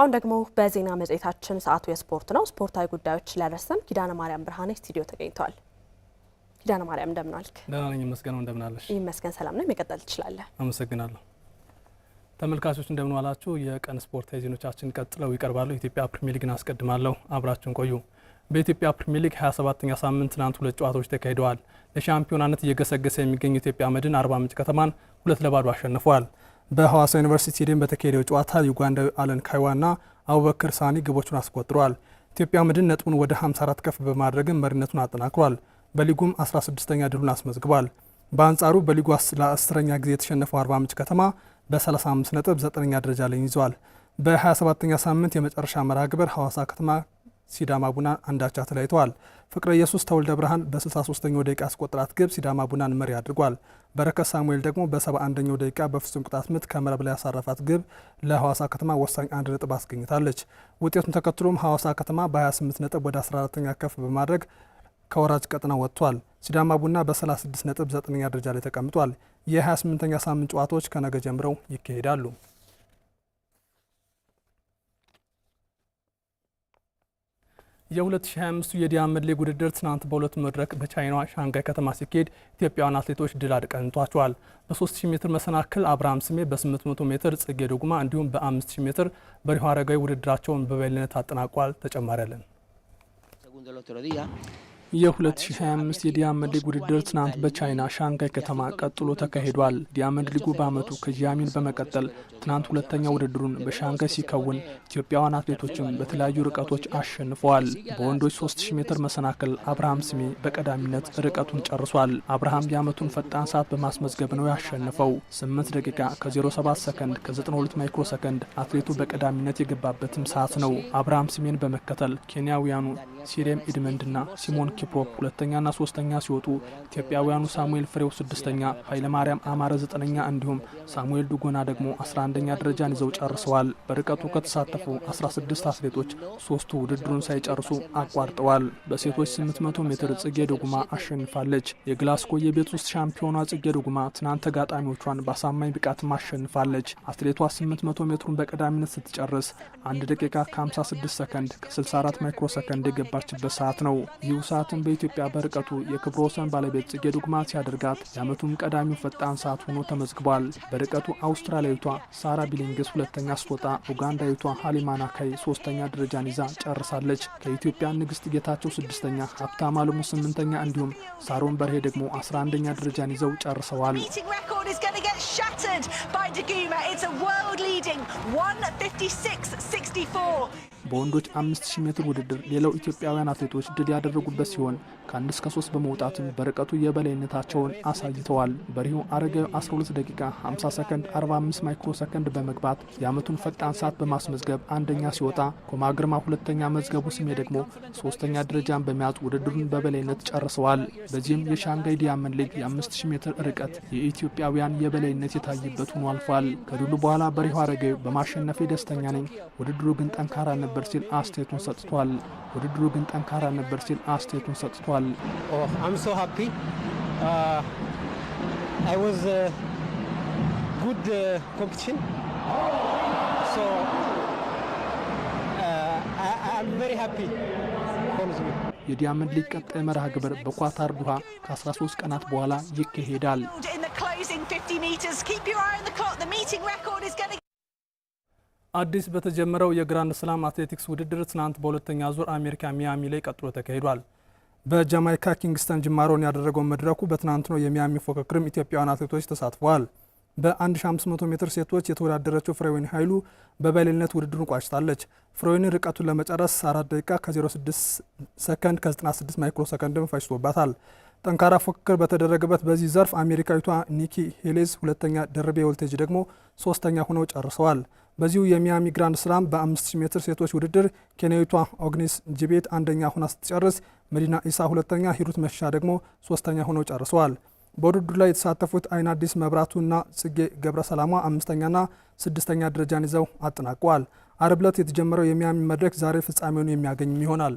አሁን ደግሞ በዜና መጽሔታችን ሰዓቱ የስፖርት ነው። ስፖርታዊ ጉዳዮች ሊያደርሰን ኪዳነ ማርያም ብርሃኔ ስቱዲዮ ተገኝተዋል። ኪዳነ ማርያም እንደምን ዋልክ? ደህና ነኝ ይመስገነው። እንደምን አለሽ? ይመስገን ሰላም ነው። መቀጠል ትችላለህ። አመሰግናለሁ። ተመልካቾች እንደምን ዋላችሁ። የቀን ስፖርታዊ ዜናዎቻችን ቀጥለው ይቀርባሉ። ኢትዮጵያ ፕሪሚየር ሊግን አስቀድማለሁ። አብራችሁን ቆዩ። በኢትዮጵያ ፕሪሚየር ሊግ 27ኛ ሳምንት ትናንት ሁለት ጨዋታዎች ተካሂደዋል። ለሻምፒዮናነት እየገሰገሰ የሚገኘው ኢትዮጵያ መድን አርባ ምንጭ ከተማን ሁለት ለባዶ አሸንፏል። በሐዋሳ ዩኒቨርሲቲ ስቴዲየም በተካሄደው ጨዋታ ዩጋንዳዊ አለን ካይዋና አቡበክር ሳኒ ግቦቹን አስቆጥረዋል። ኢትዮጵያ መድን ነጥቡን ወደ 54 ከፍ በማድረግም መሪነቱን አጠናክሯል። በሊጉም 16ኛ ድሉን አስመዝግቧል። በአንጻሩ በሊጉ ለአስረኛ ጊዜ የተሸነፈው አርባ ምንጭ ከተማ በ35 ነጥብ 9ኛ ደረጃ ላይ ይዟል። በ27ኛ ሳምንት የመጨረሻ መርሃ ግብር ሐዋሳ ከተማ ሲዳማ ቡና አንዳቻ ተለያይተዋል። ፍቅረ ኢየሱስ ተወልደ ብርሃን በ63ኛው ደቂቃ አስቆጥራት ግብ ሲዳማ ቡናን መሪ አድርጓል። በረከት ሳሙኤል ደግሞ በ71ኛው ደቂቃ በፍጹም ቅጣት ምት ከመረብ ላይ ያሳረፋት ግብ ለሐዋሳ ከተማ ወሳኝ አንድ ነጥብ አስገኝታለች። ውጤቱን ተከትሎም ሐዋሳ ከተማ በ28 ነጥብ ወደ 14ኛ ከፍ በማድረግ ከወራጅ ቀጠና ወጥቷል። ሲዳማ ቡና በ36 ነጥብ 9ኛ ደረጃ ላይ ተቀምጧል። የ28ኛ ሳምንት ጨዋታዎች ከነገ ጀምረው ይካሄዳሉ። የ2025 የዲያመንድ ሊግ ውድድር ትናንት በሁለት መድረክ በቻይናዋ ሻንጋይ ከተማ ሲካሄድ ኢትዮጵያውያን አትሌቶች ድል አድቀንቷቸዋል። በ3000 ሜትር መሰናክል አብርሃም ስሜ፣ በ800 ሜትር ጽጌ ዱጉማ እንዲሁም በ5000 ሜትር በሪሁ አረጋዊ ውድድራቸውን በበላይነት አጠናቋል። ተጨማሪ የ2025 የዲያመንድ ሊግ ውድድር ትናንት በቻይና ሻንጋይ ከተማ ቀጥሎ ተካሂዷል። ዲያመንድ ሊጉ በዓመቱ ከዣሚን በመቀጠል ትናንት ሁለተኛ ውድድሩን በሻንጋይ ሲከውን ኢትዮጵያውያን አትሌቶችም በተለያዩ ርቀቶች አሸንፈዋል። በወንዶች 3000 ሜትር መሰናክል አብርሃም ስሜ በቀዳሚነት ርቀቱን ጨርሷል። አብርሃም የአመቱን ፈጣን ሰዓት በማስመዝገብ ነው ያሸነፈው። 8 ደቂቃ ከ07 ሰከንድ ከ92 ማይክሮ ሰከንድ አትሌቱ በቀዳሚነት የገባበትም ሰዓት ነው። አብርሃም ስሜን በመከተል ኬንያውያኑ ሲሬም ኢድመንድና ሲሞን ኪፕሮፕ ሁለተኛና ሶስተኛ ሲወጡ ኢትዮጵያውያኑ ሳሙኤል ፍሬው ስድስተኛ፣ ኃይለማርያም አማረ ዘጠነኛ እንዲሁም ሳሙኤል ዱጎና ደግሞ አስራ አንደኛ ደረጃን ይዘው ጨርሰዋል። በርቀቱ ከተሳተፉ 16 አትሌቶች ሶስቱ ውድድሩን ሳይጨርሱ አቋርጠዋል። በሴቶች 800 ሜትር ጽጌ ድጉማ አሸንፋለች። የግላስኮ የቤት ውስጥ ሻምፒዮኗ ጽጌ ድጉማ ትናንት ተጋጣሚዎቿን በአሳማኝ ብቃትም አሸንፋለች። አትሌቷ 800 ሜትሩን በቀዳሚነት ስትጨርስ 1 ደቂቃ ከ56 ሰከንድ ከ64 ማይክሮ ሰከንድ የገባችበት ሰዓት ነው። ይህ ሰዓት ሰዓትን በኢትዮጵያ በርቀቱ የክብረ ወሰን ባለቤት ጽጌ ዱግማ ሲያደርጋት የዓመቱም ቀዳሚው ፈጣን ሰዓት ሆኖ ተመዝግቧል። በርቀቱ አውስትራሊያዊቷ ሳራ ቢሊንግስ ሁለተኛ ስትወጣ ኡጋንዳዊቷ ሀሊማና ካይ ሶስተኛ ደረጃን ይዛ ጨርሳለች። ከኢትዮጵያ ንግስት ጌታቸው ስድስተኛ፣ ሀብታም አለሙ ስምንተኛ እንዲሁም ሳሮን በርሄ ደግሞ አስራ አንደኛ ደረጃን ይዘው ጨርሰዋል። በወንዶች 5000 ሜትር ውድድር ሌላው ኢትዮጵያውያን አትሌቶች ድል ያደረጉበት ሲሆን ከአንድ እስከ ሶስት በመውጣትም በርቀቱ የበላይነታቸውን አሳይተዋል። በሪሁ አረጋዊ 12 ደቂቃ 50 ሰከንድ 45 ማይክሮ ሰከንድ በመግባት የዓመቱን ፈጣን ሰዓት በማስመዝገብ አንደኛ ሲወጣ፣ ኮማ ግርማ ሁለተኛ፣ መዝገቡ ስሜ ደግሞ ሶስተኛ ደረጃን በመያዝ ውድድሩን በበላይነት ጨርሰዋል። በዚህም የሻንጋይ ዲያመን ሊግ የ5000 ሜትር ርቀት የኢትዮጵያውያን የበላይነት የታየበት ሆኖ አልፏል። ከድሉ በኋላ በሪሁ አረጋዊ በማሸነፌ ደስተኛ ነኝ። ውድድሩ ግን ጠንካራ ነበር ነበር ሲል አስተያየቱን ሰጥቷል። ውድድሩ ግን ጠንካራ ነበር ሲል አስተያየቱን ሰጥቷል። የዲያመንድ ሊግ ቀጣይ መርሃ ግብር በኳታር ዱሃ ከ13 ቀናት በኋላ ይካሄዳል። አዲስ በተጀመረው የግራንድ ስላም አትሌቲክስ ውድድር ትናንት በሁለተኛ ዙር አሜሪካ ሚያሚ ላይ ቀጥሎ ተካሂዷል። በጃማይካ ኪንግስተን ጅማሮን ያደረገው መድረኩ በትናንት ነው የሚያሚ ፉክክርም ኢትዮጵያውያን አትሌቶች ተሳትፈዋል። በ1500 ሜትር ሴቶች የተወዳደረችው ፍሬወይን ኃይሉ በበላይነት ውድድሩን ቋጭታለች። ፍሬወይን ርቀቱን ለመጨረስ 4 ደቂቃ ከ06 ሰከንድ ከ96 ማይክሮ ሰከንድም ፈጅቶባታል። ጠንካራ ፉክክር በተደረገበት በዚህ ዘርፍ አሜሪካዊቷ ኒኪ ሄሌዝ ሁለተኛ፣ ደርቤ ወልቴጅ ደግሞ ሶስተኛ ሆነው ጨርሰዋል። በዚሁ የሚያሚ ግራንድ ስላም በ5000 ሜትር ሴቶች ውድድር ኬንያዊቷ ኦግኒስ ጅቤት አንደኛ ሆና ስትጨርስ፣ መዲና ኢሳ ሁለተኛ፣ ሂሩት መሻ ደግሞ ሶስተኛ ሆነው ጨርሰዋል። በውድድሩ ላይ የተሳተፉት አይን አዲስ መብራቱና ጽጌ ገብረ ሰላሟ አምስተኛና ስድስተኛ ደረጃን ይዘው አጠናቀዋል። አርብ ዕለት የተጀመረው የሚያሚ መድረክ ዛሬ ፍጻሜውን የሚያገኝም ይሆናል።